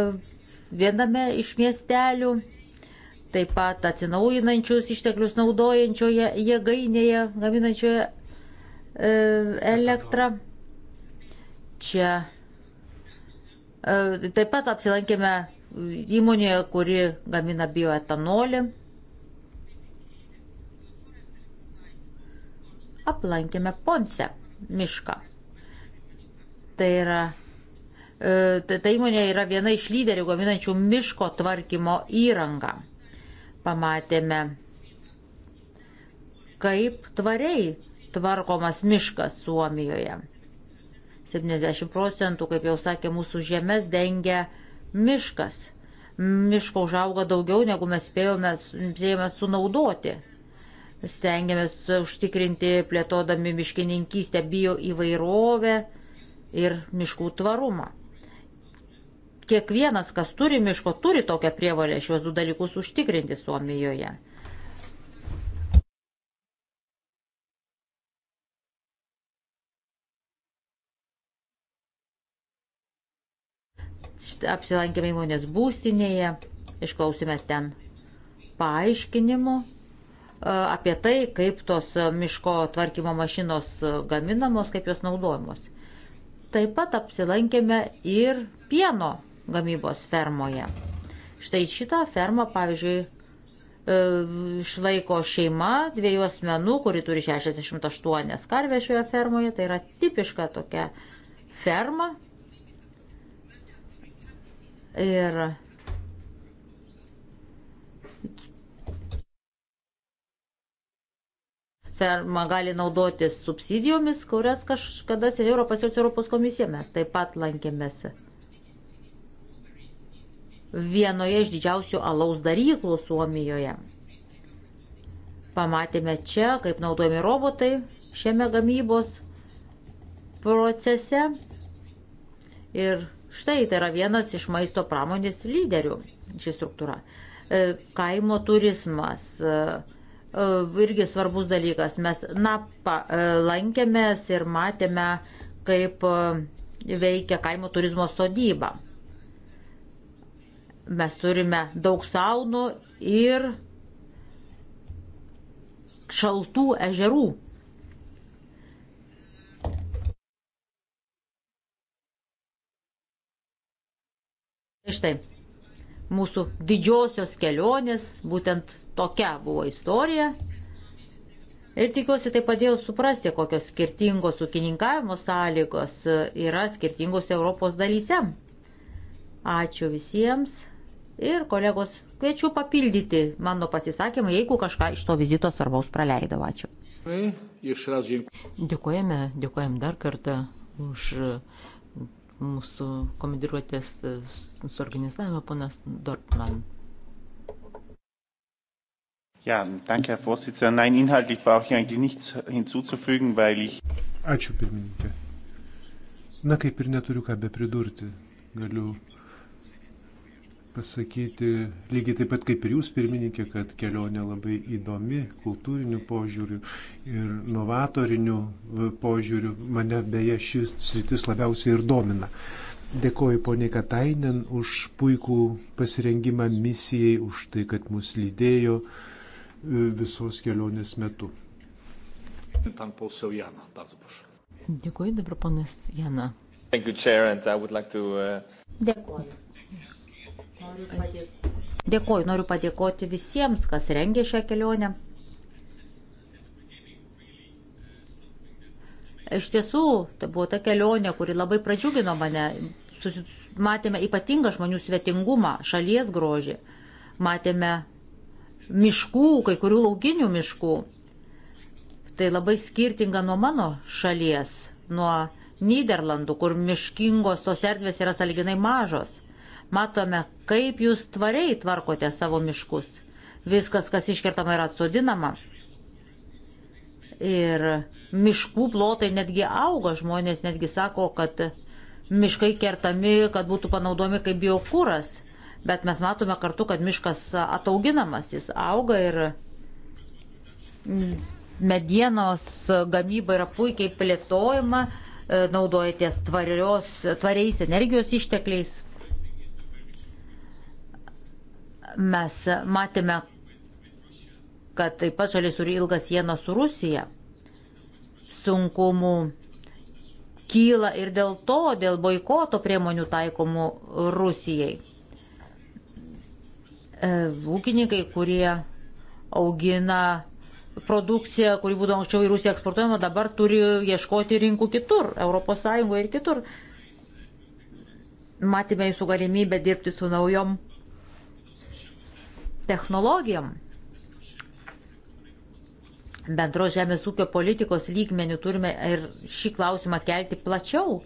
viename iš miestelių, taip pat atsinaujinančius išteklius naudojančioje jėgainėje gaminančioje e, elektrą. Čia E, taip pat apsilankėme įmonėje, kuri gamina bioetanolį. Aplankėme Ponce mišką. Tai yra, e, ta, ta įmonė yra viena iš lyderių gaminančių miško tvarkymo įrangą. Pamatėme, kaip tvariai tvarkomas miškas Suomijoje. 70 procentų, kaip jau sakė, mūsų žemės dengia miškas. Miško užauga daugiau, negu mes spėjome, spėjome sunaudoti. Stengiamės užtikrinti plėtodami miškininkystę bio įvairovę ir miškų tvarumą. Kiekvienas, kas turi miško, turi tokią prievalę šiuos du dalykus užtikrinti Suomijoje. apsilankėme įmonės būstinėje, išklausėme ten paaiškinimų e, apie tai, kaip tos miško tvarkymo mašinos gaminamos, kaip jos naudojamos. Taip pat apsilankėme ir pieno gamybos fermoje. Štai šitą fermą, pavyzdžiui, e, išlaiko šeima dviejų asmenų, kuri turi 68 karvės šioje fermoje. Tai yra tipiška tokia ferma, Ir ferma gali naudotis subsidijomis, kurias kažkada seniai Europos, Europos komisija mes taip pat lankėmės. Vienoje iš didžiausių alaus daryklų Suomijoje. Pamatėme čia, kaip naudojami robotai šiame gamybos procese. Ir Štai tai yra vienas iš maisto pramonės lyderių ši struktūra. E, kaimo turizmas e, e, irgi svarbus dalykas. Mes napą lankėmės ir matėme, kaip veikia kaimo turizmo sodyba. Mes turime daug saunų ir šaltų ežerų Tai štai mūsų didžiosios kelionės, būtent tokia buvo istorija. Ir tikiuosi tai padėjo suprasti, kokios skirtingos ūkininkavimo sąlygos yra skirtingose Europos dalyse. Ačiū visiems ir kolegos, kviečiu papildyti mano pasisakymą, jeigu kažką iš to vizito svarbaus praleidau. Ačiū. Dėkojame, dėkojame dar kartą už mūsų komandiruotės e, suorganizavimą, ponas Dortman. Ja, danke, Herr Vorsitzender. Nein, inhaltlich brauche ich eigentlich nichts hinzuzufügen, weil ich. Ačiū, pirmininkė. Na, kaip ir neturiu ką be pridurti. Galiu uh, pasakyti, lygiai taip pat kaip ir jūs, pirmininkė, kad kelionė labai įdomi kultūriniu požiūriu ir novatoriniu požiūriu. Mane beje šis sritis labiausiai ir domina. Dėkoju poniai Katainen už puikų pasirengimą misijai, už tai, kad mus lydėjo e, visos kelionės metu. Dėkoju dabar ponas Jana. Dėkoju. Noriu padėkoti. Dėkoju, noriu padėkoti visiems, kas rengė šią kelionę. Iš tiesų, tai buvo ta kelionė, kuri labai pradžiugino mane. Susi... Matėme ypatingą žmonių svetingumą, šalies grožį. Matėme miškų, kai kurių lauginių miškų. Tai labai skirtinga nuo mano šalies, nuo Niderlandų, kur miškingos tos erdvės yra saliginai mažos. Matome, kaip jūs tvariai tvarkote savo miškus. Viskas, kas iškertama, yra atsodinama. Ir miškų plotai netgi auga, žmonės netgi sako, kad miškai kertami, kad būtų panaudomi kaip biokūras. Bet mes matome kartu, kad miškas atauginamas, jis auga ir medienos gamyba yra puikiai plėtojama, naudojatės tvarios, tvariais energijos ištekliais. Mes matėme, kad taip pat šalis turi ilgą sieną su Rusija. Sunkumų kyla ir dėl to, dėl boikoto priemonių taikomų Rusijai. E, ūkininkai, kurie augina produkciją, kuri būdavo anksčiau į Rusiją eksportuojama, dabar turi ieškoti rinkų kitur, ES ir kitur. Matėme jūsų galimybę dirbti su naujom technologijom. Bendro žemės ūkio politikos lygmenių turime ir šį klausimą kelti plačiau.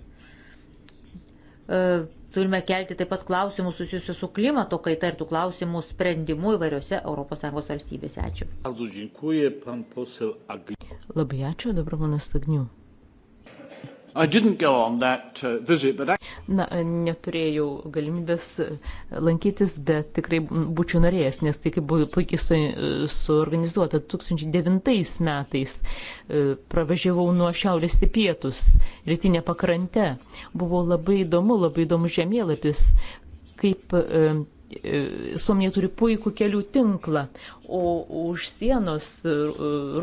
E, turime kelti taip pat klausimus susijusius su klimato kaita ir tų klausimų sprendimu įvairiose ES valstybėse. Ačiū. Labai ačiū, dabar manas Stagniu. Uh, visit, I... Na, neturėjau galimybės uh, lankytis, bet tikrai būčiau norėjęs, nes tai kaip buvo puikiai su, uh, suorganizuota. 2009 metais pravažiavau nuo šiaurės į pietus, rytinę pakrantę. Buvo labai įdomu, labai įdomu žemėlapis, kaip um, Suomija turi puikų kelių tinklą, o už sienos e,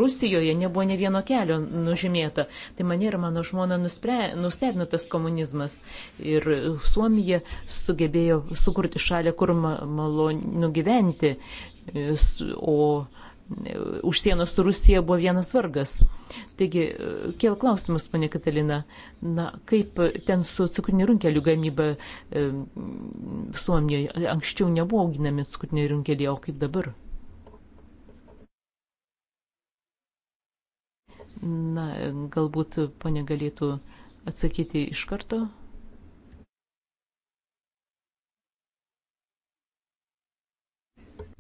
Rusijoje nebuvo ne vieno kelio nužymėta. Tai mane ir mano žmona nustebino tas komunizmas. Ir Suomija sugebėjo sukurti šalį, kur malonu gyventi. E, o už sienos su Rusija buvo vienas vargas. Taigi, kiel klausimas, ponė Katalina, na, kaip ten su cukriniu runkeliu gamyba e, Suomijoje anksčiau nebuvo auginami cukriniai runkeliai, o kaip dabar? Na, galbūt ponė galėtų atsakyti iš karto.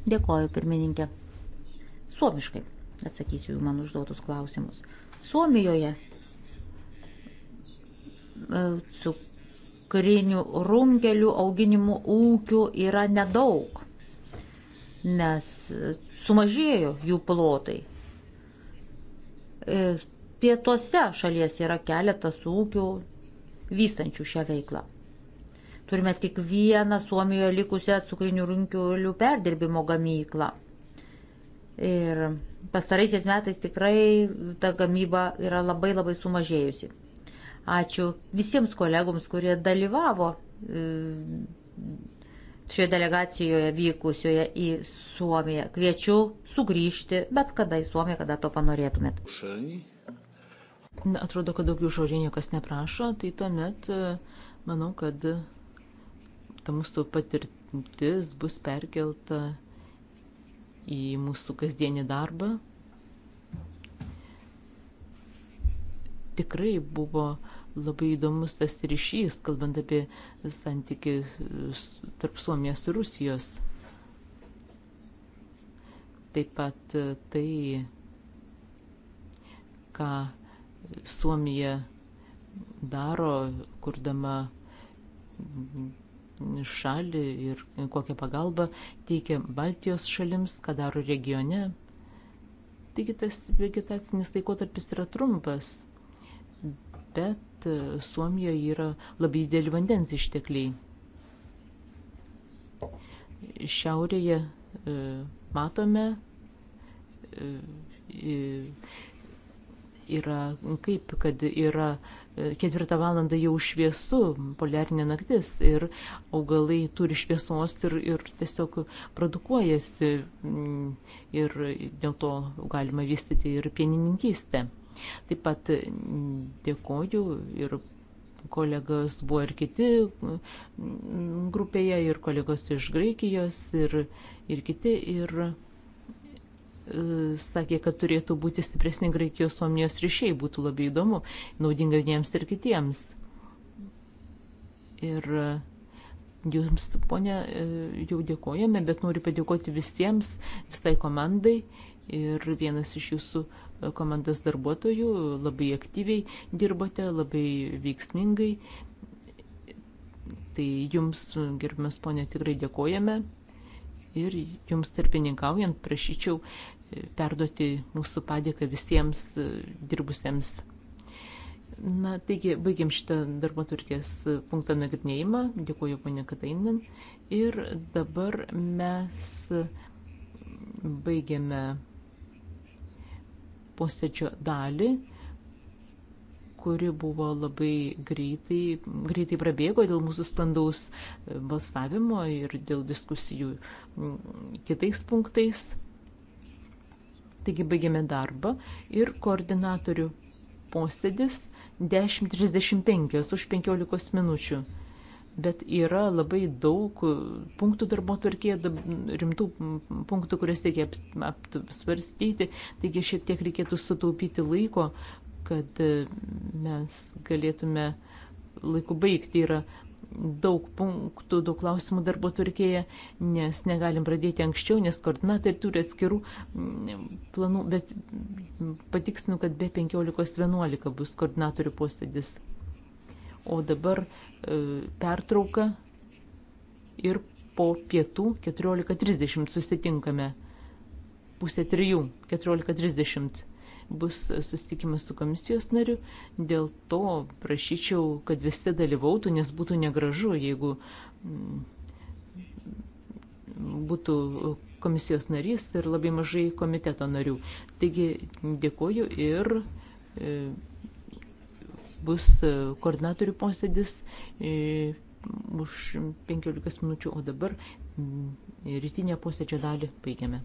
Dėkoju, pirmininkė. Suomiškai atsakysiu jų man užduotus klausimus. Suomijoje e, cukrinių rungelių auginimų ūkių yra nedaug, nes sumažėjo jų plotai. E, pietuose šalies yra keletas ūkių vystančių šią veiklą. Turime tik vieną Suomijoje likusią cukrinių runkelių perdirbimo gamyklą Ir pastaraisiais metais tikrai ta gamyba yra labai labai sumažėjusi. Ačiū visiems kolegoms, kurie dalyvavo e, šioje delegacijoje vykusioje į Suomiją. Kviečiu sugrįžti bet kada į Suomiją, kada to panorėtumėt. Na, atrodo, kad daugiau žodžių niekas neprašo, tai tuomet e, manau, kad ta mūsų patirtis bus perkelta į mūsų kasdienį darbą. Tikrai buvo labai įdomus tas ryšys, kalbant apie santykį tarp Suomijos ir Rusijos. Taip pat tai, ką Suomija daro, kurdama šalį ir kokią pagalbą teikia Baltijos šalims, ką daro regione. Taigi tas vegetacinis laikotarpis yra trumpas, bet Suomijoje yra labai dideli vandens ištekliai. Šiaurėje e, matome e, yra kaip, kad yra e, ketvirtą valandą jau šviesu, poliarinė naktis ir augalai turi šviesos ir, ir tiesiog produkuojasi mm, ir dėl to galima vystyti ir pienininkystę. Taip pat mm, dėkoju ir kolegos buvo ir kiti mm, grupėje, ir kolegos iš Graikijos, ir, ir kiti. Ir sakė, kad turėtų būti stipresni Graikijos Suomijos ryšiai, būtų labai įdomu, naudinga vieniems ir kitiems. Ir e, jums, ponė, e, jau dėkojame, bet noriu padėkoti visiems, visai komandai. Ir vienas iš jūsų e, komandos darbuotojų labai aktyviai dirbote, labai veiksmingai. Tai jums, gerbimas ponė, tikrai dėkojame ir jums tarpininkaujant prašyčiau perduoti mūsų padėką visiems e, dirbusiems. Na, taigi, baigiam šitą darbo turkės punktą nagrinėjimą. Dėkuoju, ponė Katainin. Ir dabar mes baigiame posėdžio dalį kuri buvo labai greitai, greitai prabėgo dėl mūsų standaus balsavimo ir dėl diskusijų kitais punktais. Taigi baigiame darbą ir koordinatorių posėdis 10.35 už 15 minučių. Bet yra labai daug punktų darbo tvarkėje, rimtų punktų, kurias reikia apsvarstyti, taigi šiek tiek reikėtų sutaupyti laiko, kad e, mes galėtume laiku baigti. Yra daug punktų, daug klausimų darbo turkėje, nes negalim pradėti anksčiau, nes koordinatoriai turi atskirų mm, planų, bet patiksinu, kad be 15.11 bus koordinatorių posėdis. O dabar e, pertrauka ir po pietų 14.30 susitinkame. Pusė trijų, 14.30 bus susitikimas su komisijos nariu. Dėl to prašyčiau, kad visi dalyvautų, nes būtų negražu, jeigu mm, būtų komisijos narys ir labai mažai komiteto narių. Taigi dėkoju ir e, bus koordinatorių posėdis e, už 15 minučių, o dabar mm, rytinę posėdžio dalį baigiame.